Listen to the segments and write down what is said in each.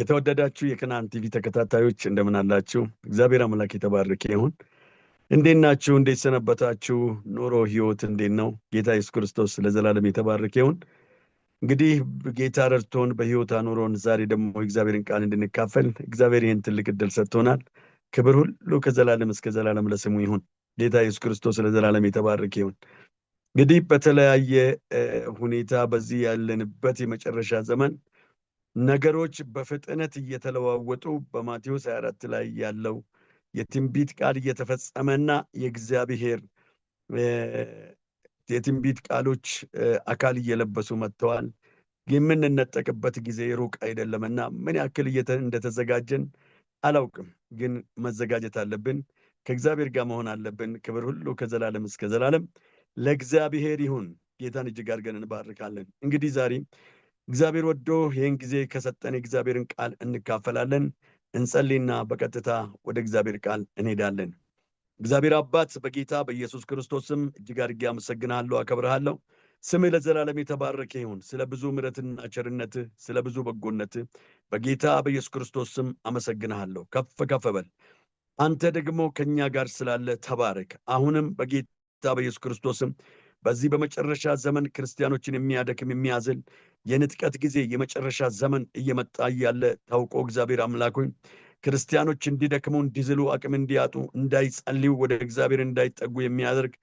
የተወደዳችሁ የክናን ቲቪ ተከታታዮች እንደምን አላችሁ? እግዚአብሔር አምላክ የተባረከ ይሁን። እንዴት ናችሁ? እንዴት ሰነበታችሁ? ኑሮ ህይወት እንዴት ነው? ጌታ ኢየሱስ ክርስቶስ ለዘላለም የተባረከ ይሁን። እንግዲህ ጌታ ረድቶን በህይወት አኑሮን ዛሬ ደግሞ እግዚአብሔርን ቃል እንድንካፈል እግዚአብሔር ይህን ትልቅ እድል ሰጥቶናል። ክብር ሁሉ ከዘላለም እስከ ዘላለም ለስሙ ይሁን። ጌታ ኢየሱስ ክርስቶስ ለዘላለም የተባረከ ይሁን። እንግዲህ በተለያየ ሁኔታ በዚህ ያለንበት የመጨረሻ ዘመን ነገሮች በፍጥነት እየተለዋወጡ በማቴዎስ 24 ላይ ያለው የትንቢት ቃል እየተፈጸመና የእግዚአብሔር የትንቢት ቃሎች አካል እየለበሱ መጥተዋል። የምንነጠቅበት ጊዜ ሩቅ አይደለምና ምን ያክል እንደተዘጋጀን አላውቅም፣ ግን መዘጋጀት አለብን። ከእግዚአብሔር ጋር መሆን አለብን። ክብር ሁሉ ከዘላለም እስከ ዘላለም ለእግዚአብሔር ይሁን። ጌታን እጅግ አድርገን እንባርካለን። እንግዲህ ዛሬ እግዚአብሔር ወዶ ይህን ጊዜ ከሰጠን የእግዚአብሔርን ቃል እንካፈላለን። እንጸልይና በቀጥታ ወደ እግዚአብሔር ቃል እንሄዳለን። እግዚአብሔር አባት በጌታ በኢየሱስ ክርስቶስም እጅግ አድርጌ አመሰግናለሁ፣ አከብርሃለሁ። ስምህ ለዘላለም የተባረከ ይሁን። ስለ ብዙ ምረትና ቸርነትህ፣ ስለ ብዙ በጎነትህ በጌታ በኢየሱስ ክርስቶስ ስም ከፍ ከፍ በል። አንተ ደግሞ ከእኛ ጋር ስላለ ተባረክ። አሁንም በጌታ በኢየሱስ ክርስቶስም በዚህ በመጨረሻ ዘመን ክርስቲያኖችን የሚያደክም የሚያዝል የንጥቀት ጊዜ የመጨረሻ ዘመን እየመጣ እያለ ታውቆ እግዚአብሔር አምላክ ሆይ ክርስቲያኖች እንዲደክሙ እንዲዝሉ አቅም እንዲያጡ እንዳይጸልዩ ወደ እግዚአብሔር እንዳይጠጉ የሚያደርግ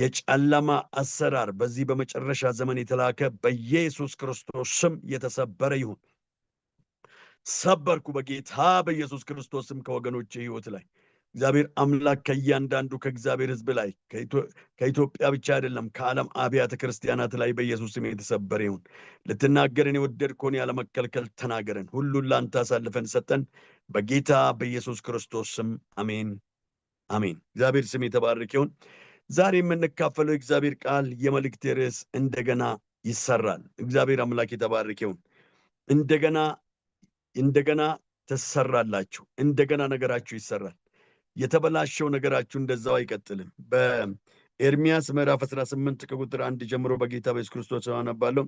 የጨለማ አሰራር በዚህ በመጨረሻ ዘመን የተላከ በኢየሱስ ክርስቶስ ስም የተሰበረ ይሁን ሰበርኩ በጌታ በኢየሱስ ክርስቶስ ስም ከወገኖች ህይወት ላይ እግዚአብሔር አምላክ ከእያንዳንዱ ከእግዚአብሔር ህዝብ ላይ ከኢትዮጵያ ብቻ አይደለም ከዓለም አብያተ ክርስቲያናት ላይ በኢየሱስ ስም የተሰበረ ይሁን። ልትናገርን የወደድከውን ያለመከልከል ተናገረን። ሁሉን ለአንተ አሳልፈን ሰጠን። በጌታ በኢየሱስ ክርስቶስ ስም አሜን አሜን። እግዚአብሔር ስም የተባረክ ይሁን። ዛሬ የምንካፈለው የእግዚአብሔር ቃል የመልእክት ርዕስ እንደገና ይሰራል። እግዚአብሔር አምላክ የተባረክ ይሁን። እንደገና እንደገና ትሰራላችሁ። እንደገና ነገራችሁ ይሰራል። የተበላሸው ነገራችሁ እንደዛው አይቀጥልም። በኤርሚያስ ምዕራፍ 18 ከቁጥር አንድ ጀምሮ በጌታ በኢየሱስ ክርስቶስ አነባለሁ።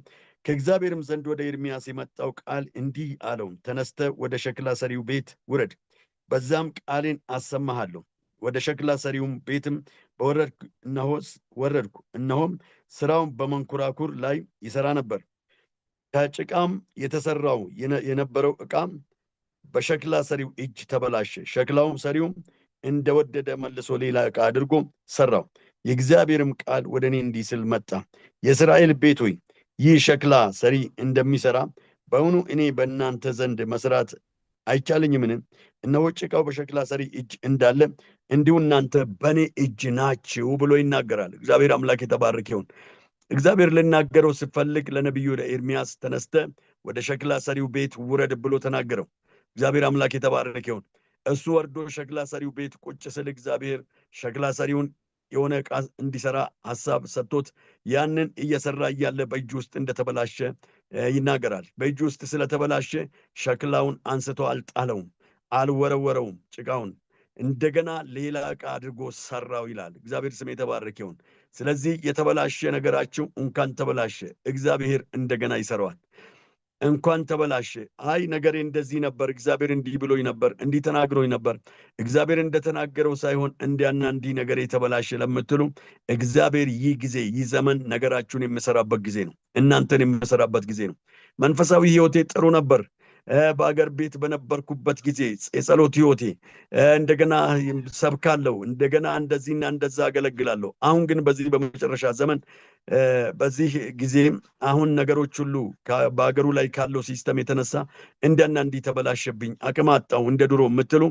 ከእግዚአብሔርም ዘንድ ወደ ኤርሚያስ የመጣው ቃል እንዲህ አለው፣ ተነስተ ወደ ሸክላ ሰሪው ቤት ውረድ፣ በዛም ቃሌን አሰማሃለሁ። ወደ ሸክላ ሰሪውም ቤትም በወረድኩ እነሆ ወረድኩ፣ እነሆም ስራውን በመንኮራኩር ላይ ይሰራ ነበር። ከጭቃም የተሰራው የነበረው ዕቃ በሸክላ ሰሪው እጅ ተበላሸ። ሸክላውም ሰሪውም እንደወደደ መልሶ ሌላ ዕቃ አድርጎ ሰራው። የእግዚአብሔርም ቃል ወደ እኔ እንዲህ ስል መጣ፣ የእስራኤል ቤት ሆይ ይህ ሸክላ ሰሪ እንደሚሰራ በእውኑ እኔ በእናንተ ዘንድ መስራት አይቻለኝምን? እነሆ ጭቃው በሸክላ ሰሪ እጅ እንዳለ እንዲሁ እናንተ በእኔ እጅ ናችሁ ብሎ ይናገራል። እግዚአብሔር አምላክ የተባረክ ይሁን። እግዚአብሔር ልናገረው ስፈልግ ለነቢዩ ለኤርሚያስ ተነስተ ወደ ሸክላ ሰሪው ቤት ውረድ ብሎ ተናገረው። እግዚአብሔር አምላክ የተባረክ ይሁን። እሱ ወርዶ ሸክላ ሰሪው ቤት ቁጭ ስል እግዚአብሔር ሸክላ ሰሪውን የሆነ ዕቃ እንዲሰራ ሀሳብ ሰጥቶት ያንን እየሰራ እያለ በእጅ ውስጥ እንደተበላሸ ይናገራል። በእጅ ውስጥ ስለተበላሸ ሸክላውን አንስቶ አልጣለውም፣ አልወረወረውም ጭቃውን እንደገና ሌላ ዕቃ አድርጎ ሰራው ይላል። እግዚአብሔር ስም የተባረክ ይሁን። ስለዚህ የተበላሸ ነገራችሁ እንኳን ተበላሸ፣ እግዚአብሔር እንደገና ይሰራዋል። እንኳን ተበላሸ። አይ ነገሬ እንደዚህ ነበር፣ እግዚአብሔር እንዲህ ብሎኝ ነበር፣ እንዲህ ተናግሮኝ ነበር፣ እግዚአብሔር እንደተናገረው ሳይሆን እንዲያና እንዲህ ነገሬ ተበላሸ ለምትሉ እግዚአብሔር ይህ ጊዜ ይህ ዘመን ነገራችሁን የምሰራበት ጊዜ ነው። እናንተን የምሰራበት ጊዜ ነው። መንፈሳዊ ህይወቴ ጥሩ ነበር፣ በአገር ቤት በነበርኩበት ጊዜ የጸሎት ህይወቴ እንደገና ሰብካለሁ፣ እንደገና እንደዚህና እንደዛ አገለግላለሁ። አሁን ግን በዚህ በመጨረሻ ዘመን በዚህ ጊዜ አሁን ነገሮች ሁሉ በአገሩ ላይ ካለው ሲስተም የተነሳ እንደና እንዲህ ተበላሸብኝ፣ አቅም አጣው እንደ ድሮ የምትሉ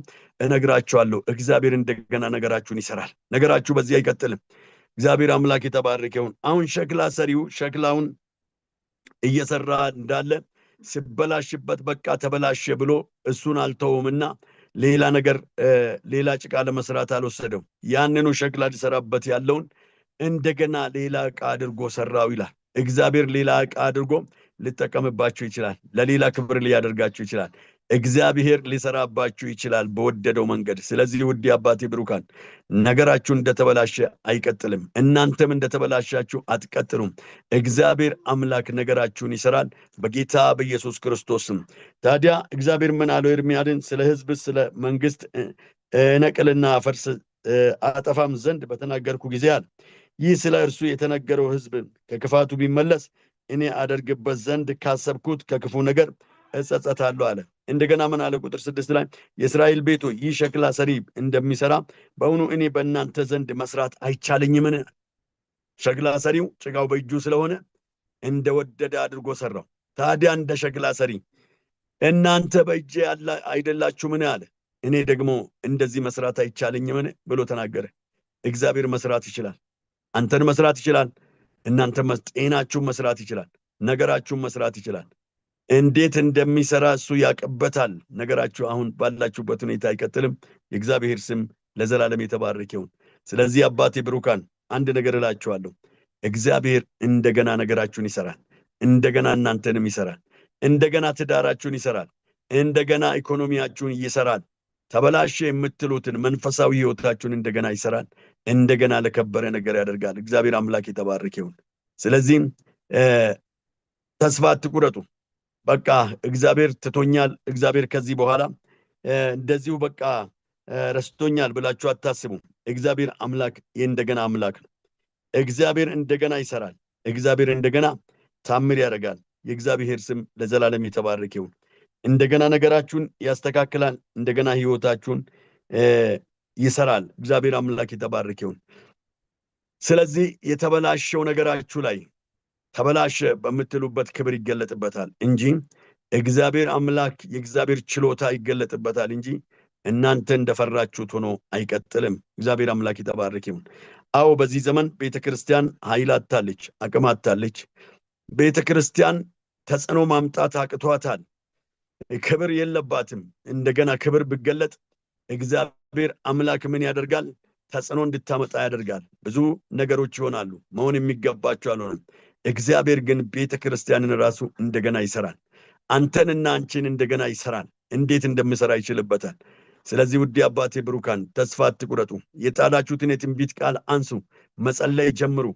እነግራችኋለሁ፣ እግዚአብሔር እንደገና ነገራችሁን ይሰራል። ነገራችሁ በዚህ አይቀጥልም። እግዚአብሔር አምላክ የተባረከውን አሁን ሸክላ ሰሪው ሸክላውን እየሰራ እንዳለ ሲበላሽበት በቃ ተበላሸ ብሎ እሱን አልተውምና ሌላ ነገር ሌላ ጭቃ ለመስራት አልወሰደው። ያንኑ ሸክላ ሊሰራበት ያለውን እንደገና ሌላ ዕቃ አድርጎ ሰራው ይላል። እግዚአብሔር ሌላ ዕቃ አድርጎ ሊጠቀምባቸው ይችላል። ለሌላ ክብር ሊያደርጋቸው ይችላል። እግዚአብሔር ሊሰራባችሁ ይችላል በወደደው መንገድ። ስለዚህ ውድ አባቴ ብሩካን ነገራችሁ እንደተበላሸ አይቀጥልም። እናንተም እንደተበላሻችሁ አትቀጥሉም። እግዚአብሔር አምላክ ነገራችሁን ይሰራል በጌታ በኢየሱስ ክርስቶስም። ታዲያ እግዚአብሔር ምን አለው? ኤርምያድን ስለ ህዝብ ስለ መንግስት እነቅልና አፈርስ አጠፋም ዘንድ በተናገርኩ ጊዜ አለ ይህ ስለ እርሱ የተነገረው ህዝብ ከክፋቱ ቢመለስ እኔ አደርግበት ዘንድ ካሰብኩት ከክፉ ነገር እጸጸታለሁ አለ። እንደገና ምን አለ? ቁጥር ስድስት ላይ የእስራኤል ቤቶ ይህ ሸክላ ሰሪ እንደሚሰራ በእውኑ እኔ በእናንተ ዘንድ መስራት አይቻለኝምን? ሸክላ ሰሪው ጭቃው በእጁ ስለሆነ እንደወደደ አድርጎ ሰራው። ታዲያ እንደ ሸክላ ሰሪ እናንተ በእጄ አይደላችሁምን? አለ። እኔ ደግሞ እንደዚህ መስራት አይቻለኝምን? ብሎ ተናገረ። እግዚአብሔር መስራት ይችላል። አንተን መስራት ይችላል። እናንተ ጤናችሁን መስራት ይችላል። ነገራችሁን መስራት ይችላል። እንዴት እንደሚሰራ እሱ ያቅበታል። ነገራችሁ አሁን ባላችሁበት ሁኔታ አይቀጥልም። የእግዚአብሔር ስም ለዘላለም የተባረክ ይሁን። ስለዚህ አባቴ ብሩካን አንድ ነገር እላችኋለሁ። እግዚአብሔር እንደገና ነገራችሁን ይሰራል። እንደገና እናንተንም ይሰራል። እንደገና ትዳራችሁን ይሰራል። እንደገና ኢኮኖሚያችሁን ይሰራል። ተበላሸ የምትሉትን መንፈሳዊ ህይወታችሁን እንደገና ይሰራል። እንደገና ለከበረ ነገር ያደርጋል። እግዚአብሔር አምላክ የተባረክ ይሁን። ስለዚህም ተስፋ አትቁረጡ። በቃ እግዚአብሔር ትቶኛል፣ እግዚአብሔር ከዚህ በኋላ እንደዚሁ በቃ ረስቶኛል ብላችሁ አታስቡ። እግዚአብሔር አምላክ የእንደገና አምላክ ነው። እግዚአብሔር እንደገና ይሰራል። እግዚአብሔር እንደገና ታምር ያደርጋል። የእግዚአብሔር ስም ለዘላለም የተባረክ ይሁን። እንደገና ነገራችሁን ያስተካክላል። እንደገና ህይወታችሁን ይሰራል። እግዚአብሔር አምላክ የተባረክ ይሁን። ስለዚህ የተበላሸው ነገራችሁ ላይ ተበላሸ በምትሉበት ክብር ይገለጥበታል እንጂ እግዚአብሔር አምላክ የእግዚአብሔር ችሎታ ይገለጥበታል እንጂ እናንተ እንደፈራችሁት ሆኖ አይቀጥልም። እግዚአብሔር አምላክ ይተባረክ ይሁን። አዎ በዚህ ዘመን ቤተ ክርስቲያን ኃይል አታለች፣ አቅም አታለች። ቤተ ክርስቲያን ተጽዕኖ ማምጣት አቅቷታል። ክብር የለባትም። እንደገና ክብር ብገለጥ እግዚአብሔር አምላክ ምን ያደርጋል? ተጽዕኖ እንድታመጣ ያደርጋል። ብዙ ነገሮች ይሆናሉ። መሆን የሚገባቸው አልሆነም። እግዚአብሔር ግን ቤተ ክርስቲያንን ራሱ እንደገና ይሰራል። አንተንና አንቺን እንደገና ይሰራል። እንዴት እንደምሰራ ይችልበታል። ስለዚህ ውድ አባቴ ብሩካን ተስፋ አትቁረጡ። የጣላችሁትን የትንቢት ቃል አንሱ፣ መጸለይ ጀምሩ።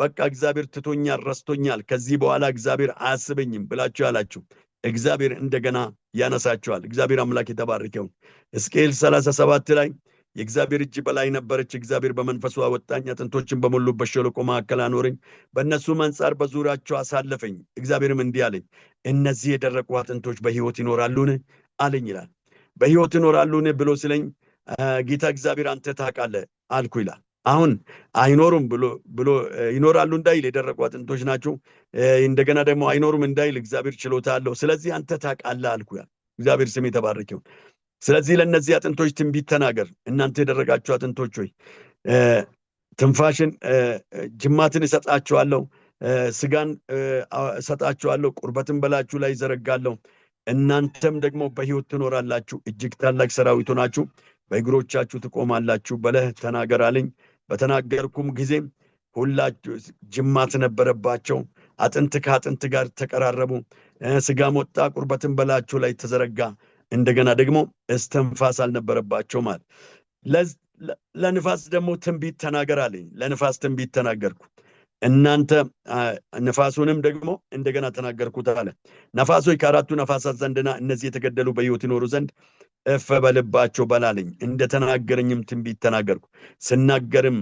በቃ እግዚአብሔር ትቶኛል፣ ረስቶኛል፣ ከዚህ በኋላ እግዚአብሔር አያስበኝም ብላችሁ ያላችሁ እግዚአብሔር እንደገና ያነሳችኋል። እግዚአብሔር አምላክ የተባረከውን ሕዝቅኤል 37 ላይ የእግዚአብሔር እጅ በላይ ነበረች። እግዚአብሔር በመንፈሱ አወጣኝ፣ አጥንቶችን በሞሉበት ሸለቆ መካከል አኖረኝ፣ በእነሱም አንጻር በዙሪያቸው አሳለፈኝ። እግዚአብሔርም እንዲህ አለኝ፣ እነዚህ የደረቁ አጥንቶች በሕይወት ይኖራሉን አለኝ ይላል። በሕይወት ይኖራሉን ብሎ ስለኝ ጌታ እግዚአብሔር አንተ ታውቃለህ አልኩ ይላል። አሁን አይኖሩም ብሎ ይኖራሉ እንዳይል የደረቁ አጥንቶች ናቸው። እንደገና ደግሞ አይኖሩም እንዳይል እግዚአብሔር ችሎታ አለው። ስለዚህ አንተ ታውቃለህ አልኩ ይላል። እግዚአብሔር ስም የተባረክ ይሁን። ስለዚህ ለእነዚህ አጥንቶች ትንቢት ተናገር። እናንተ የደረጋችሁ አጥንቶች ሆይ ትንፋሽን ጅማትን እሰጣችኋለሁ፣ ስጋን እሰጣችኋለሁ፣ ቁርበትን በላችሁ ላይ ይዘረጋለሁ። እናንተም ደግሞ በህይወት ትኖራላችሁ፣ እጅግ ታላቅ ሰራዊት ሆናችሁ በእግሮቻችሁ ትቆማላችሁ በለህ ተናገራልኝ በተናገርኩም ጊዜ ሁላችሁ ጅማት ነበረባቸው። አጥንት ከአጥንት ጋር ተቀራረቡ። ስጋም ወጣ፣ ቁርበትን በላችሁ ላይ ተዘረጋ። እንደገና ደግሞ እስትንፋስ አልነበረባቸው ማለት ለንፋስ ደግሞ ትንቢት ተናገር አለኝ። ለንፋስ ትንቢት ተናገርኩ። እናንተ ንፋሱንም ደግሞ እንደገና ተናገርኩት አለ። ነፋሶች ከአራቱ ነፋሳት ዘንድና እነዚህ የተገደሉ በህይወት ይኖሩ ዘንድ እፈ በልባቸው በላለኝ። እንደተናገረኝም ትንቢት ተናገርኩ። ስናገርም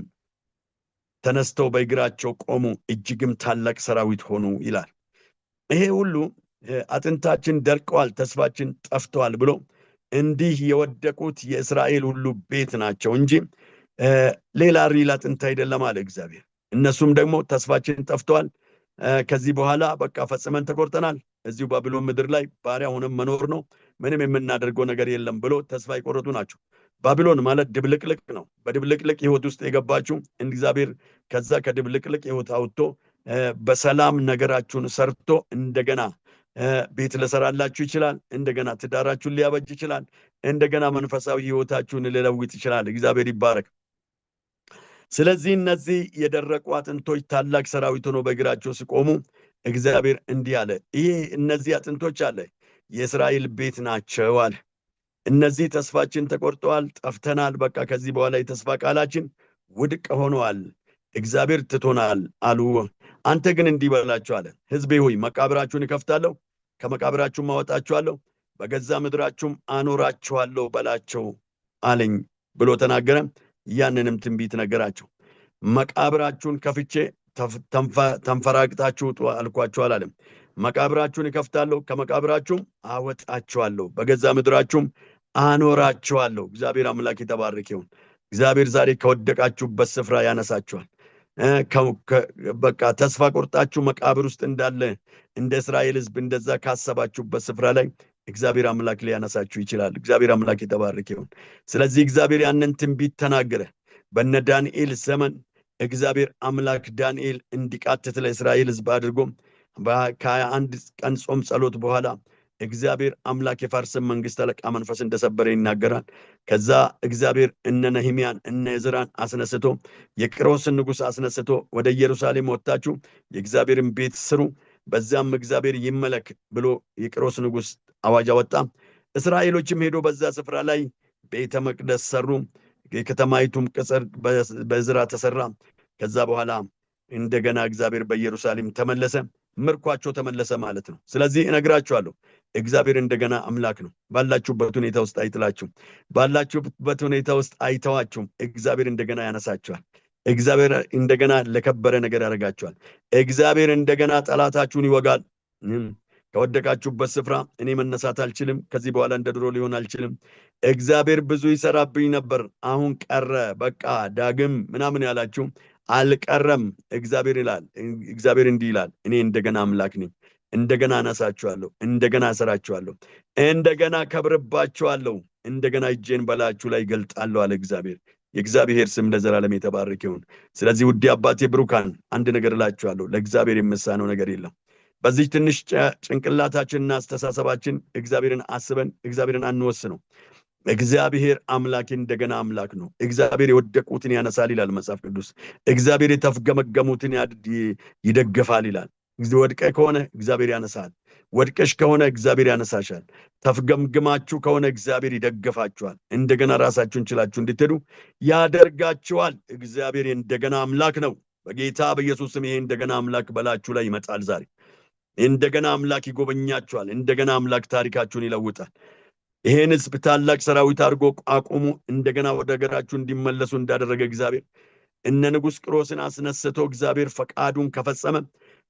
ተነስተው በእግራቸው ቆሙ፣ እጅግም ታላቅ ሰራዊት ሆኑ ይላል። ይሄ ሁሉ አጥንታችን ደርቀዋል፣ ተስፋችን ጠፍተዋል ብሎ እንዲህ የወደቁት የእስራኤል ሁሉ ቤት ናቸው እንጂ ሌላ ሪል አጥንት አይደለም አለ እግዚአብሔር። እነሱም ደግሞ ተስፋችን ጠፍተዋል፣ ከዚህ በኋላ በቃ ፈጽመን ተቆርጠናል፣ እዚሁ ባቢሎን ምድር ላይ ባሪያ ሆነም መኖር ነው፣ ምንም የምናደርገው ነገር የለም ብሎ ተስፋ የቆረጡ ናቸው። ባቢሎን ማለት ድብልቅልቅ ነው። በድብልቅልቅ ህይወት ውስጥ የገባችሁ እግዚአብሔር ከዛ ከድብልቅልቅ ህይወት አውጥቶ በሰላም ነገራችሁን ሰርቶ እንደገና ቤት ልሰራላችሁ ይችላል። እንደገና ትዳራችሁን ሊያበጅ ይችላል። እንደገና መንፈሳዊ ህይወታችሁን ሊለውጥ ይችላል። እግዚአብሔር ይባረክ። ስለዚህ እነዚህ የደረቁ አጥንቶች ታላቅ ሰራዊት ሆኖ በእግራቸው ሲቆሙ እግዚአብሔር እንዲህ አለ፣ ይሄ እነዚህ አጥንቶች አለ የእስራኤል ቤት ናቸው አለ። እነዚህ ተስፋችን ተቆርጠዋል፣ ጠፍተናል፣ በቃ ከዚህ በኋላ የተስፋ ቃላችን ውድቅ ሆነዋል፣ እግዚአብሔር ትቶናል አሉ። አንተ ግን እንዲበላቸው አለ ህዝቤ ሆይ መቃብራችሁን እከፍታለሁ ከመቃብራችሁም አወጣችኋለሁ በገዛ ምድራችሁም አኖራችኋለሁ በላቸው አለኝ ብሎ ተናገረ ያንንም ትንቢት ነገራቸው መቃብራችሁን ከፍቼ ተንፈራግጣችሁ ውጡ አልኳችሁ አላለም መቃብራችሁን እከፍታለሁ ከመቃብራችሁም አወጣችኋለሁ በገዛ ምድራችሁም አኖራችኋለሁ እግዚአብሔር አምላክ የተባረክ ይሁን እግዚአብሔር ዛሬ ከወደቃችሁበት ስፍራ ያነሳችኋል በቃ ተስፋ ቆርጣችሁ መቃብር ውስጥ እንዳለ እንደ እስራኤል ህዝብ እንደዛ ካሰባችሁበት ስፍራ ላይ እግዚአብሔር አምላክ ሊያነሳችሁ ይችላል። እግዚአብሔር አምላክ የተባረክ ይሁን። ስለዚህ እግዚአብሔር ያንን ትንቢት ተናገረ። በነ ዳንኤል ዘመን እግዚአብሔር አምላክ ዳንኤል እንዲቃትት ለእስራኤል ህዝብ አድርጎ ከሀያ አንድ ቀን ጾም ጸሎት በኋላ እግዚአብሔር አምላክ የፋርስን መንግስት አለቃ መንፈስ እንደሰበረ ይናገራል። ከዛ እግዚአብሔር እነ ነህሚያን እነ ዕዝራን አስነስቶ የቅሮስን ንጉሥ አስነስቶ ወደ ኢየሩሳሌም ወጥታችሁ የእግዚአብሔርን ቤት ስሩ፣ በዚያም እግዚአብሔር ይመለክ ብሎ የቅሮስ ንጉሥ አዋጅ አወጣ። እስራኤሎችም ሄዶ በዛ ስፍራ ላይ ቤተ መቅደስ ሰሩ። የከተማይቱም ቅጽር በዝራ ተሰራ። ከዛ በኋላ እንደገና እግዚአብሔር በኢየሩሳሌም ተመለሰ። ምርኳቸው ተመለሰ ማለት ነው። ስለዚህ እነግራችኋለሁ እግዚአብሔር እንደገና አምላክ ነው። ባላችሁበት ሁኔታ ውስጥ አይትላችሁ ባላችሁበት ሁኔታ ውስጥ አይተዋችሁም። እግዚአብሔር እንደገና ያነሳችኋል። እግዚአብሔር እንደገና ለከበረ ነገር ያደርጋችኋል። እግዚአብሔር እንደገና ጠላታችሁን ይወጋል። ከወደቃችሁበት ስፍራ እኔ መነሳት አልችልም፣ ከዚህ በኋላ እንደ ድሮ ሊሆን አልችልም፣ እግዚአብሔር ብዙ ይሰራብኝ ነበር፣ አሁን ቀረ፣ በቃ ዳግም ምናምን ያላችሁ አልቀረም። እግዚአብሔር ይላል፣ እግዚአብሔር እንዲህ ይላል፣ እኔ እንደገና አምላክ ነኝ። እንደገና አነሳችኋለሁ፣ እንደገና አሰራችኋለሁ፣ እንደገና ከብርባችኋለሁ፣ እንደገና እጄን በላችሁ ላይ ይገልጣለሁ አለ እግዚአብሔር። የእግዚአብሔር ስም ለዘላለም የተባረክ ይሁን። ስለዚህ ውድ አባቴ ብሩካን አንድ ነገር እላችኋለሁ፣ ለእግዚአብሔር የምሳነው ነገር የለም። በዚህ ትንሽ ጭንቅላታችንና አስተሳሰባችን እግዚአብሔርን አስበን እግዚአብሔርን አንወስነው። እግዚአብሔር አምላክ እንደገና አምላክ ነው። እግዚአብሔር የወደቁትን ያነሳል ይላል መጽሐፍ ቅዱስ። እግዚአብሔር የተፍገመገሙትን ይደግፋል ይላል። ወድቀ ከሆነ እግዚአብሔር ያነሳል። ወድቀሽ ከሆነ እግዚአብሔር ያነሳሻል። ተፍገምግማችሁ ከሆነ እግዚአብሔር ይደገፋችኋል። እንደገና ራሳችሁን ችላችሁ እንድትሄዱ ያደርጋችኋል። እግዚአብሔር እንደገና አምላክ ነው። በጌታ ስም ይሄ እንደገና አምላክ በላችሁ ላይ ይመጣል። ዛሬ እንደገና አምላክ ይጎበኛችኋል። እንደገና አምላክ ታሪካችሁን ይለውጣል። ይሄን ህዝብ ታላቅ ሰራዊት አድርጎ አቁሙ እንደገና ወደ ሀገራችሁ እንዲመለሱ እንዳደረገ እግዚአብሔር እነ ንጉሥ ቅሮስን አስነስቶ እግዚአብሔር ፈቃዱን ከፈጸመ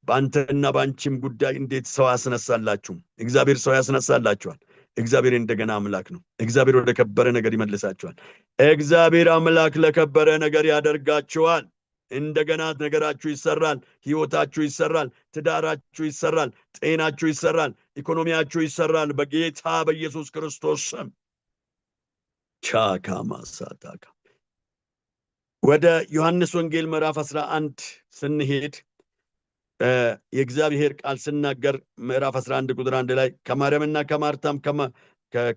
በአንተና በአንቺም ጉዳይ እንዴት ሰው ያስነሳላችሁ? እግዚአብሔር ሰው ያስነሳላችኋል። እግዚአብሔር እንደገና አምላክ ነው። እግዚአብሔር ወደ ከበረ ነገር ይመልሳችኋል። እግዚአብሔር አምላክ ለከበረ ነገር ያደርጋችኋል። እንደገና ነገራችሁ ይሰራል፣ ህይወታችሁ ይሰራል፣ ትዳራችሁ ይሰራል፣ ጤናችሁ ይሰራል፣ ኢኮኖሚያችሁ ይሰራል። በጌታ በኢየሱስ ክርስቶስ ስም ቻካማሳታካ ወደ ዮሐንስ ወንጌል ምዕራፍ 11 ስንሄድ የእግዚአብሔር ቃል ስናገር ምዕራፍ 11 ቁጥር 1 ላይ ከማርያምና ከማርታም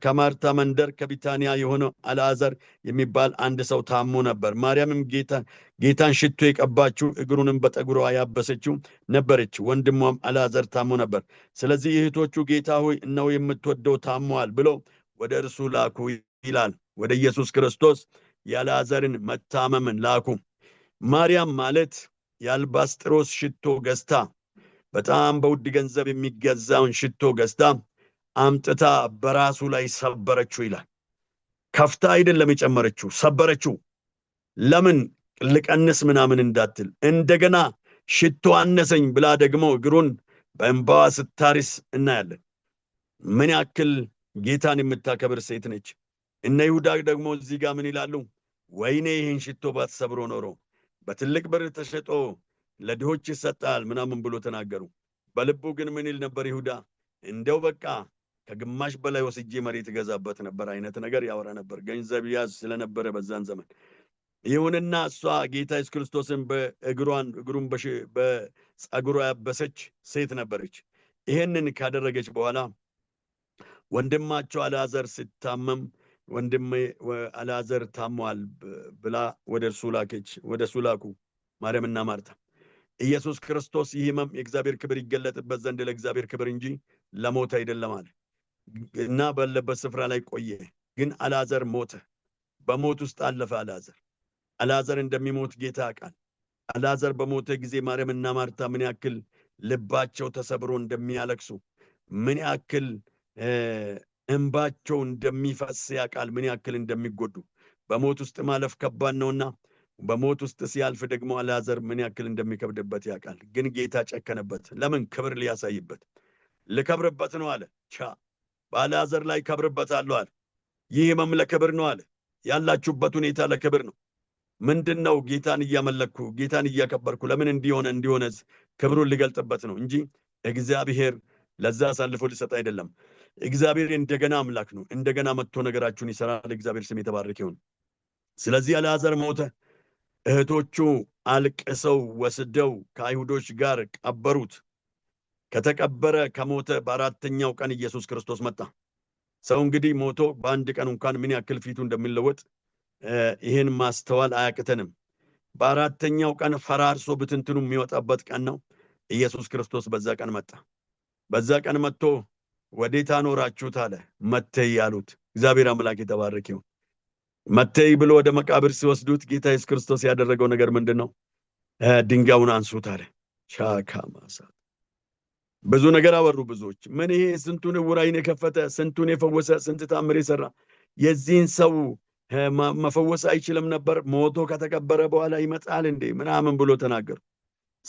ከማርታ መንደር ከቢታንያ የሆነው አልዓዛር የሚባል አንድ ሰው ታሞ ነበር። ማርያምም ጌታን ሽቶ የቀባችው እግሩንም በጠጉሯ ያበሰችው ነበረች። ወንድሟም አልዓዛር ታሞ ነበር። ስለዚህ እህቶቹ ጌታ ሆይ እነው የምትወደው ታሟል ብለው ወደ እርሱ ላኩ ይላል። ወደ ኢየሱስ ክርስቶስ የአልዓዛርን መታመምን ላኩ። ማርያም ማለት የአልባስጥሮስ ሽቶ ገዝታ በጣም በውድ ገንዘብ የሚገዛውን ሽቶ ገዝታ አምጥታ በራሱ ላይ ሰበረችው ይላል። ከፍታ አይደለም የጨመረችው፣ ሰበረችው። ለምን ልቀንስ ምናምን እንዳትል። እንደገና ሽቶ አነሰኝ ብላ ደግሞ እግሩን በእንባዋ ስታሪስ እናያለን። ምን ያክል ጌታን የምታከብር ሴት ነች። እነ ይሁዳ ደግሞ እዚህ ጋር ምን ይላሉ? ወይኔ ይህን ሽቶ ባትሰብሮ ኖሮ በትልቅ ብር ተሸጦ ለድሆች ይሰጣል ምናምን ብሎ ተናገሩ። በልቡ ግን ምን ይል ነበር ይሁዳ? እንደው በቃ ከግማሽ በላይ ወስጄ መሬት ገዛበት ነበር አይነት ነገር ያወራ ነበር። ገንዘብ ያዝ ስለነበረ በዛን ዘመን። ይሁንና እሷ ጌታ ኢየሱስ ክርስቶስን በእግሯን እግሩን በጸጉሯ ያበሰች ሴት ነበረች። ይህንን ካደረገች በኋላ ወንድማቸው አልዓዛር ሲታመም ወንድሜ አልዓዛር ታሟል ብላ ወደ እርሱ ላከች። ወደ እሱ ላኩ ማርያምና ማርታ። ኢየሱስ ክርስቶስ ይህ ህመም የእግዚአብሔር ክብር ይገለጥበት ዘንድ ለእግዚአብሔር ክብር እንጂ ለሞት አይደለም አለ እና ባለበት ስፍራ ላይ ቆየ። ግን አልዓዛር ሞተ፣ በሞት ውስጥ አለፈ። አልዓዛር አልዓዛር እንደሚሞት ጌታ ያውቃል። አልዓዛር በሞተ ጊዜ ማርያምና ማርታ ምን ያክል ልባቸው ተሰብሮ እንደሚያለቅሱ ምን ያክል እንባቸው እንደሚፈስ ያውቃል፣ ምን ያክል እንደሚጎዱ። በሞት ውስጥ ማለፍ ከባድ ነውና በሞት ውስጥ ሲያልፍ ደግሞ አልዓዛር ምን ያክል እንደሚከብድበት ያውቃል። ግን ጌታ ጨከነበት። ለምን? ክብር ሊያሳይበት። ልከብርበት ነው አለ። ቻ በአልዓዛር ላይ ከብርበታለሁ አለ። ይህ ህመም ለክብር ነው አለ። ያላችሁበት ሁኔታ ለክብር ነው። ምንድን ነው? ጌታን እያመለኩ ጌታን እያከበርኩ ለምን እንዲሆነ እንዲሆነ ክብሩን ሊገልጥበት ነው እንጂ እግዚአብሔር ለዛ አሳልፎ ሊሰጥ አይደለም። እግዚአብሔር እንደገና አምላክ ነው። እንደገና መጥቶ ነገራችሁን ይሰራል። እግዚአብሔር ስም የተባረክ ይሁን። ስለዚህ አልዓዛር ሞተ። እህቶቹ አልቅሰው ወስደው ከአይሁዶች ጋር ቀበሩት። ከተቀበረ ከሞተ በአራተኛው ቀን ኢየሱስ ክርስቶስ መጣ። ሰው እንግዲህ ሞቶ በአንድ ቀን እንኳን ምን ያክል ፊቱ እንደሚለወጥ ይህን ማስተዋል አያቅተንም። በአራተኛው ቀን ፈራርሶ ብትንትኑ የሚወጣበት ቀን ነው። ኢየሱስ ክርስቶስ በዛ ቀን መጣ። በዛ ቀን መጥቶ ወዴት አኖራችሁት አለ መተይ ያሉት እግዚአብሔር አምላክ የተባረክ ይሁን። መተይ ብሎ ወደ መቃብር ሲወስዱት ጌታ ኢየሱስ ክርስቶስ ያደረገው ነገር ምንድን ነው? ድንጋዩን አንሱት አለ። ሻካ ብዙ ነገር አወሩ ብዙዎች። ምን ይሄ ስንቱን እውር አይን የከፈተ ስንቱን የፈወሰ ስንት ታምር የሰራ የዚህን ሰው መፈወስ አይችልም ነበር? ሞቶ ከተቀበረ በኋላ ይመጣል እንዴ ምናምን ብሎ ተናገሩ።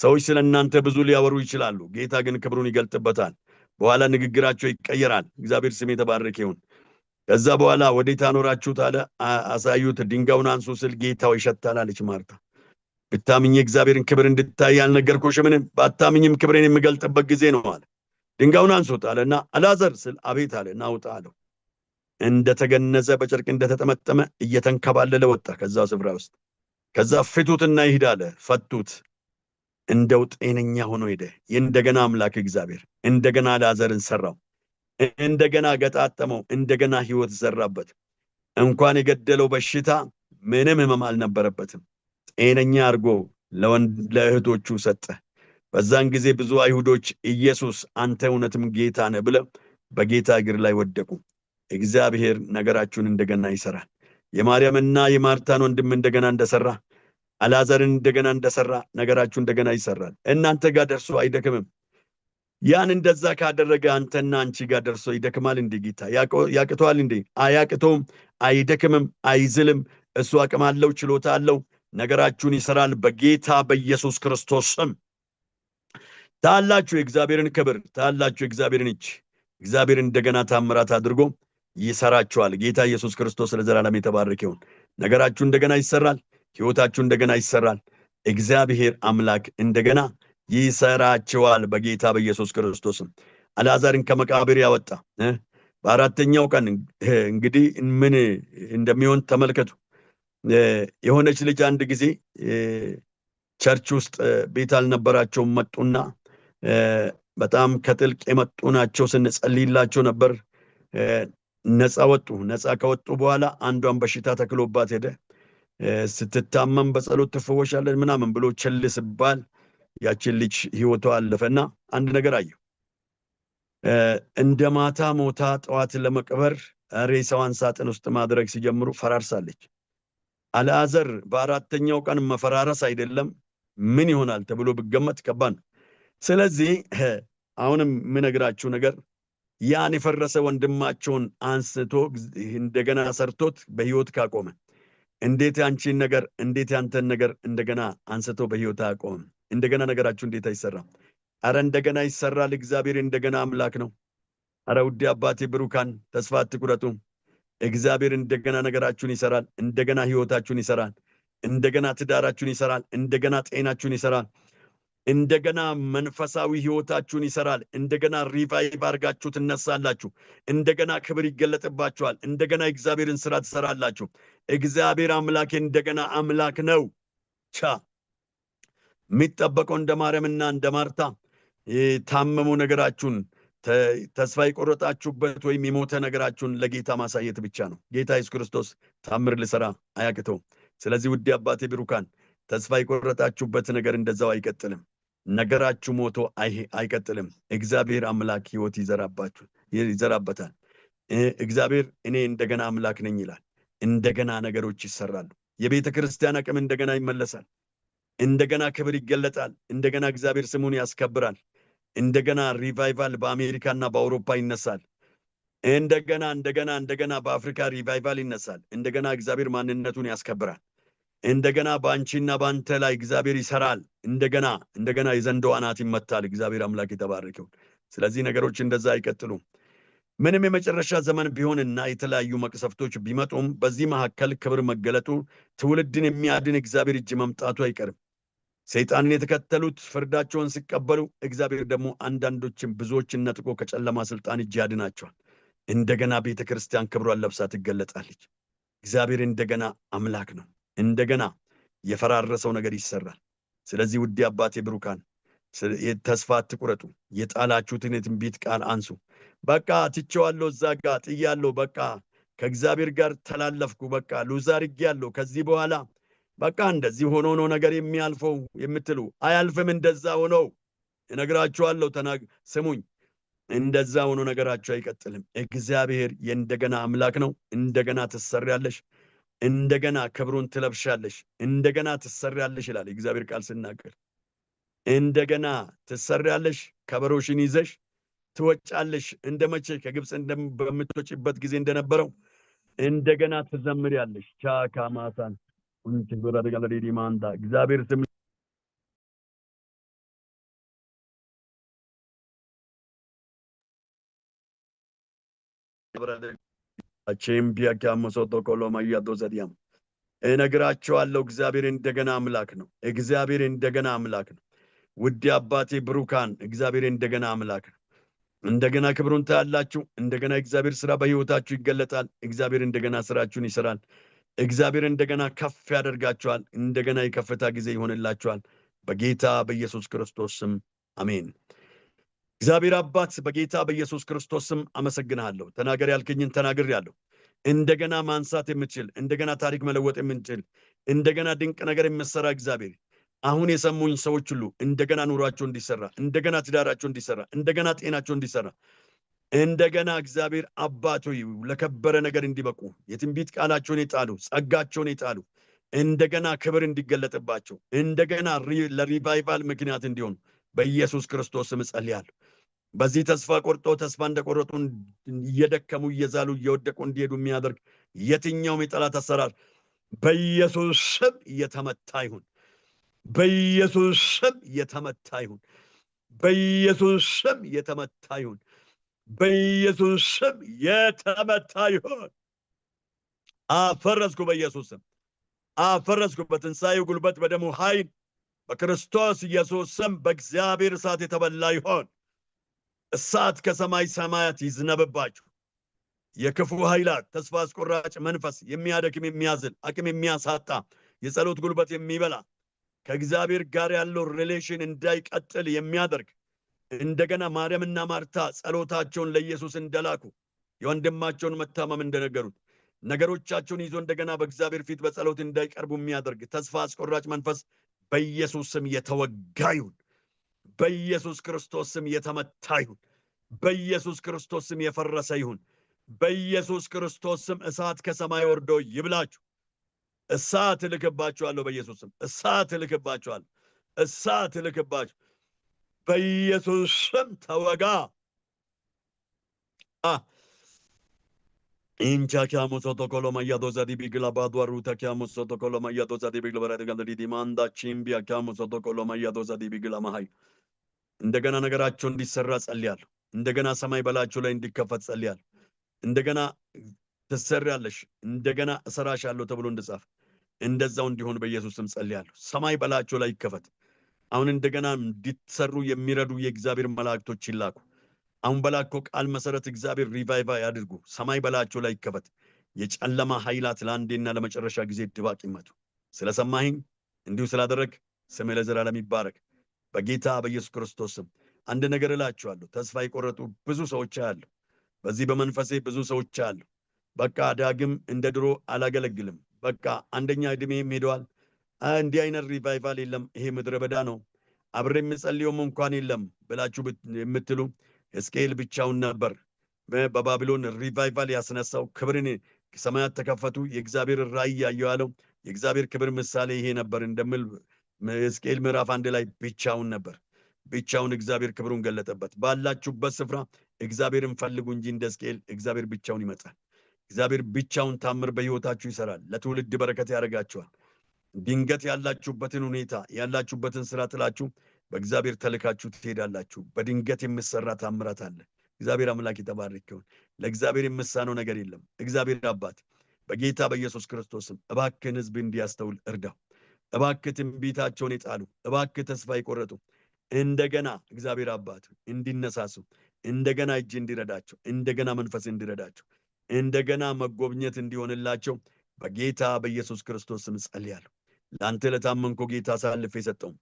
ሰዎች ስለ እናንተ ብዙ ሊያወሩ ይችላሉ። ጌታ ግን ክብሩን ይገልጥበታል። በኋላ ንግግራቸው ይቀየራል። እግዚአብሔር ስም የተባረከ ይሁን። ከዛ በኋላ ወዴት አኖራችሁት አለ። አሳዩት። ድንጋዩን አንሱ ስል ጌታው ይሸታል አለች ማርታ። ብታምኝ እግዚአብሔርን ክብር እንድታይ ምንም፣ ባታምኝም ክብሬን የምገልጥበት ጊዜ ነው አለ። ድንጋዩን አንሱት አለና አላዘር ስል አቤት አለ። ና ውጣ አለው። እንደተገነዘ በጨርቅ እንደተጠመጠመ እየተንከባለለ ወጣ ከዛ ስፍራ ውስጥ። ከዛ ፍቱትና ይሂድ አለ። ፈቱት። እንደው ጤነኛ ሆኖ ሄደ። እንደገና አምላክ እግዚአብሔር እንደገና ላዘርን ሰራው፣ እንደገና ገጣጠመው፣ እንደገና ህይወት ዘራበት። እንኳን የገደለው በሽታ ምንም ህመም አልነበረበትም። ጤነኛ አድርጎ ለእህቶቹ ሰጠ። በዛን ጊዜ ብዙ አይሁዶች ኢየሱስ አንተ እውነትም ጌታ ነህ ብለ በጌታ እግር ላይ ወደቁ። እግዚአብሔር ነገራችሁን እንደገና ይሰራል። የማርያምና የማርታን ወንድም እንደገና እንደሰራ አላዘርን እንደገና እንደሰራ ነገራችሁ እንደገና ይሰራል። እናንተ ጋር ደርሶ አይደክምም። ያን እንደዛ ካደረገ አንተና አንቺ ጋር ደርሶ ይደክማል እንዴ? ጌታ ያቅተዋል እንዴ? አያቅተውም፣ አይደክምም፣ አይዝልም። እሱ አቅም አለው፣ ችሎታ አለው። ነገራችሁን ይሰራል በጌታ በኢየሱስ ክርስቶስ ስም። ታላችሁ የእግዚአብሔርን ክብር ታላችሁ የእግዚአብሔርን እጅ እግዚአብሔር እንደገና ታምራት አድርጎ ይሰራችኋል። ጌታ ኢየሱስ ክርስቶስ ለዘላለም የተባረክ ይሁን። ነገራችሁ እንደገና ይሰራል። ሕይወታችሁ እንደገና ይሰራል። እግዚአብሔር አምላክ እንደገና ይሰራችኋል በጌታ በኢየሱስ ክርስቶስም። አልዓዛርን ከመቃብር ያወጣ በአራተኛው ቀን እንግዲህ ምን እንደሚሆን ተመልከቱ። የሆነች ልጅ አንድ ጊዜ ቸርች ውስጥ ቤት አልነበራቸውም። መጡና በጣም ከጥልቅ የመጡ ናቸው። ስንጸልይላቸው ነበር። ነፃ ወጡ። ነፃ ከወጡ በኋላ አንዷን በሽታ ተክሎባት ሄደ። ስትታመም በጸሎት ትፈወሻለን ምናምን ብሎ ቸል ስባል ያችን ልጅ ህይወቷ አለፈና አንድ ነገር አየሁ። እንደ ማታ ሞታ ጠዋት ለመቅበር ሬሳዋን ሳጥን ውስጥ ማድረግ ሲጀምሩ ፈራርሳለች። አልአዘር በአራተኛው ቀን መፈራረስ አይደለም ምን ይሆናል ተብሎ ብገመት ከባድ ነው። ስለዚህ አሁንም የምነግራችሁ ነገር ያን የፈረሰ ወንድማቸውን አንስቶ እንደገና ሰርቶት በህይወት ካቆመ እንዴት አንቺን ነገር እንዴት ያንተን ነገር እንደገና አንስቶ በህይወት አያቆምም? እንደገና ነገራችሁ እንዴት አይሰራም? አረ እንደገና ይሰራል። እግዚአብሔር እንደገና አምላክ ነው። አረ ውዴ አባቴ ብሩካን ተስፋ አትቁረጡ። እግዚአብሔር እንደገና ነገራችሁን ይሰራል። እንደገና ህይወታችሁን ይሰራል። እንደገና ትዳራችሁን ይሰራል። እንደገና ጤናችሁን ይሰራል። እንደገና መንፈሳዊ ህይወታችሁን ይሰራል። እንደገና ሪቫይቭ አድርጋችሁ ትነሳላችሁ። እንደገና ክብር ይገለጥባችኋል። እንደገና እግዚአብሔርን ስራ ትሰራላችሁ። እግዚአብሔር አምላክ እንደገና አምላክ ነው። ቻ የሚጠበቀው እንደ ማርያምና እንደ ማርታ ታመሙ ነገራችሁን ተስፋ የቆረጣችሁበት ወይም የሞተ ነገራችሁን ለጌታ ማሳየት ብቻ ነው። ጌታ ኢየሱስ ክርስቶስ ታምር ልሰራ አያቅተው። ስለዚህ ውድ አባቴ ብሩካን ተስፋ የቆረጣችሁበት ነገር እንደዛው አይቀጥልም። ነገራችሁ ሞቶ አይቀጥልም። እግዚአብሔር አምላክ ህይወት ይዘራበታል። እግዚአብሔር እኔ እንደገና አምላክ ነኝ ይላል። እንደገና ነገሮች ይሰራሉ። የቤተ ክርስቲያን አቅም እንደገና ይመለሳል። እንደገና ክብር ይገለጣል። እንደገና እግዚአብሔር ስሙን ያስከብራል። እንደገና ሪቫይቫል በአሜሪካና በአውሮፓ ይነሳል። እንደገና እንደገና እንደገና በአፍሪካ ሪቫይቫል ይነሳል። እንደገና እግዚአብሔር ማንነቱን ያስከብራል። እንደገና በአንቺና በአንተ ላይ እግዚአብሔር ይሰራል። እንደገና እንደገና የዘንዶ አናት ይመታል። እግዚአብሔር አምላክ የተባረከው ስለዚህ ነገሮች እንደዛ አይቀጥሉም። ምንም የመጨረሻ ዘመን ቢሆንና የተለያዩ መቅሰፍቶች ቢመጡም በዚህ መካከል ክብር መገለጡ፣ ትውልድን የሚያድን እግዚአብሔር እጅ መምጣቱ አይቀርም። ሰይጣንን የተከተሉት ፍርዳቸውን ሲቀበሉ፣ እግዚአብሔር ደግሞ አንዳንዶችን ብዙዎችን ነጥቆ ከጨለማ ስልጣን እጅ ያድናቸዋል። እንደገና ቤተ ክርስቲያን ክብሯን ለብሳ ትገለጣለች። እግዚአብሔር እንደገና አምላክ ነው። እንደገና የፈራረሰው ነገር ይሰራል። ስለዚህ ውዴ አባቴ ብሩካን ተስፋ አትቁረጡ። የጣላችሁትን የትንቢት ቃል አንሱ። በቃ ትቼዋለሁ፣ እዛ ጋ ጥያለሁ፣ በቃ ከእግዚአብሔር ጋር ተላለፍኩ፣ በቃ ሉዝ አድርጌያለሁ። ከዚህ በኋላ በቃ እንደዚህ ሆኖ ነው ነገር የሚያልፈው የምትሉ አያልፍም። እንደዛ ሆኖ እነግራችኋለሁ፣ ስሙኝ። እንደዛ ሆኖ ነገራችሁ አይቀጥልም። እግዚአብሔር የእንደገና አምላክ ነው። እንደገና ትሰሪያለሽ። እንደገና ክብሩን ትለብሻለሽ፣ እንደገና ትሰሪያለሽ ይላል እግዚአብሔር ቃል ስናገር። እንደገና ትሰሪያለሽ፣ ከበሮሽን ይዘሽ ትወጫለሽ። እንደ መቼ ከግብፅ በምትወጭበት ጊዜ እንደነበረው እንደገና ትዘምሪያለሽ። ቻካ ማሳን ዲማንታ እግዚአብሔር ስም አቼምቢያ ጋመሶ ቶኮሎማ እያዶዘዲያም እነግራቸዋለሁ። እግዚአብሔር እንደገና አምላክ ነው። እግዚአብሔር እንደገና አምላክ ነው። ውድ አባቴ ብሩካን፣ እግዚአብሔር እንደገና አምላክ ነው። እንደገና ክብሩን ታያላችሁ። እንደገና እግዚአብሔር ስራ በህይወታችሁ ይገለጣል። እግዚአብሔር እንደገና ስራችሁን ይሰራል። እግዚአብሔር እንደገና ከፍ ያደርጋችኋል። እንደገና የከፍታ ጊዜ ይሆንላችኋል። በጌታ በኢየሱስ ክርስቶስ ስም አሜን። እግዚአብሔር አባት በጌታ በኢየሱስ ክርስቶስ ስም ተናገር ያልክኝን ተናግር ያለሁ እንደገና ማንሳት የምችል እንደገና ታሪክ መለወጥ የምንችል እንደገና ድንቅ ነገር የምሰራ እግዚአብሔር አሁን የሰሙኝ ሰዎች ሁሉ እንደገና ኑሯቸው እንዲሰራ፣ እንደገና ትዳራቸው እንዲሰራ፣ እንደገና ጤናቸው እንዲሰራ፣ እንደገና እግዚአብሔር አባቶ ለከበረ ነገር እንዲበቁ የትንቢት ቃላቸውን የጣሉ ጸጋቸውን የጣሉ እንደገና ክብር እንዲገለጥባቸው እንደገና ለሪቫይቫል ምክንያት እንዲሆኑ በኢየሱስ ክርስቶስ ስም እጸልያለሁ። በዚህ ተስፋ ቆርጦ ተስፋ እንደቆረጡ እየደከሙ እየዛሉ እየወደቁ እንዲሄዱ የሚያደርግ የትኛውም የጠላት አሰራር በኢየሱስ ስም የተመታ ይሁን። በኢየሱስ ስም የተመታ ይሁን። በኢየሱስ ስም የተመታ ይሁን። በኢየሱስ ስም የተመታ ይሁን። አፈረስኩ። በኢየሱስ ስም አፈረስኩ። በትንሣኤ ጉልበት፣ በደሙ ኃይል፣ በክርስቶስ ኢየሱስ ስም በእግዚአብሔር እሳት የተበላ ይሆን። እሳት ከሰማይ ሰማያት ይዝነብባችሁ። የክፉ ኃይላት ተስፋ አስቆራጭ መንፈስ የሚያደክም የሚያዝል አቅም የሚያሳጣ የጸሎት ጉልበት የሚበላ ከእግዚአብሔር ጋር ያለው ሪሌሽን እንዳይቀጥል የሚያደርግ እንደገና ማርያምና ማርታ ጸሎታቸውን ለኢየሱስ እንደላኩ የወንድማቸውን መታመም እንደነገሩት ነገሮቻቸውን ይዞ እንደገና በእግዚአብሔር ፊት በጸሎት እንዳይቀርቡ የሚያደርግ ተስፋ አስቆራጭ መንፈስ በኢየሱስ ስም የተወጋ ይሁን። በኢየሱስ ክርስቶስ ስም የተመታ ይሁን። በኢየሱስ ክርስቶስ ስም የፈረሰ ይሁን። በኢየሱስ ክርስቶስ ስም እሳት ከሰማይ ወርዶ ይብላችሁ። እሳት እልክባችኋለሁ። በኢየሱስ ስም እሳት እልክባችኋለሁ። እሳት እልክባችሁ። በኢየሱስ ስም ተወጋ። ኢንቻኪያሙሶቶኮሎማያዶዛዲቢግላባዷሩተኪያሙሶቶኮሎማያዶዛዲቢግልበረትጋልዲዲማንዳቺምቢያኪያሙሶቶኮሎማያዶዛዲቢግላማሀይ እንደገና ነገራቸው እንዲሰራ ጸልያለሁ። እንደገና ሰማይ በላቸው ላይ እንዲከፈት ጸልያለሁ። እንደገና ትሰሪያለሽ፣ እንደገና እሰራሻለሁ ተብሎ እንድጻፍ እንደዛው እንዲሆን በኢየሱስ ስም ጸልያለሁ። ሰማይ በላቸው ላይ ይከፈት። አሁን እንደገና እንዲሰሩ የሚረዱ የእግዚአብሔር መላእክቶች ይላኩ። አሁን በላከው ቃል መሰረት እግዚአብሔር ሪቫይቫ ያድርጉ። ሰማይ በላቸው ላይ ይከፈት። የጨለማ ኃይላት ለአንዴና ለመጨረሻ ጊዜ ድባቅ ይመቱ። ስለሰማኸኝ እንዲሁ ስላደረግ ስምህ ለዘላለም ይባረክ። በጌታ በኢየሱስ ክርስቶስም አንድ ነገር እላችኋለሁ፣ ተስፋ የቆረጡ ብዙ ሰዎች አሉ። በዚህ በመንፈሴ ብዙ ሰዎች አሉ። በቃ ዳግም እንደ ድሮ አላገለግልም፣ በቃ አንደኛ ዕድሜም ሄደዋል፣ እንዲህ አይነት ሪቫይቫል የለም፣ ይሄ ምድረ በዳ ነው፣ አብሬ የምጸልየውም እንኳን የለም ብላችሁ የምትሉ ሕዝቅኤል ብቻውን ነበር። በባቢሎን ሪቫይቫል ያስነሳው ክብርን ሰማያት ተከፈቱ፣ የእግዚአብሔር ራእይ ያየዋለው የእግዚአብሔር ክብር ምሳሌ ይሄ ነበር እንደምል ሕዝቅኤል ምዕራፍ አንድ ላይ ብቻውን ነበር። ብቻውን እግዚአብሔር ክብሩን ገለጠበት። ባላችሁበት ስፍራ እግዚአብሔርን ፈልጉ እንጂ እንደ ሕዝቅኤል እግዚአብሔር ብቻውን ይመጣል። እግዚአብሔር ብቻውን ታምር በሕይወታችሁ ይሰራል። ለትውልድ በረከት ያደርጋችኋል። ድንገት ያላችሁበትን ሁኔታ ያላችሁበትን ስራ ጥላችሁ በእግዚአብሔር ተልካችሁ ትሄዳላችሁ። በድንገት የምሰራ ታምራት አለ። እግዚአብሔር አምላክ የተባረክ ይሁን። ለእግዚአብሔር የምሳነው ነገር የለም። እግዚአብሔር አባት በጌታ በኢየሱስ ክርስቶስም እባክን ህዝብ እንዲያስተውል እርዳው። እባክ ትንቢታቸውን የጣሉ እባክ ተስፋ የቆረጡ እንደገና እግዚአብሔር አባት እንዲነሳሱ እንደገና እጅ እንዲረዳቸው እንደገና መንፈስ እንዲረዳቸው እንደገና መጎብኘት እንዲሆንላቸው በጌታ በኢየሱስ ክርስቶስ ስም ጸልያለሁ። ለአንተ ለታመንኮ ጌታ አሳልፌ የሰጠው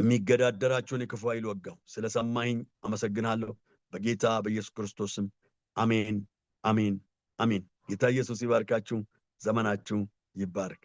የሚገዳደራቸውን የክፉ ኃይል ወጋው። ስለ ሰማኸኝ አመሰግናለሁ። በጌታ በኢየሱስ ክርስቶስ ስም አሜን፣ አሜን፣ አሜን። ጌታ ኢየሱስ ይባርካችሁ። ዘመናችሁ ይባርክ።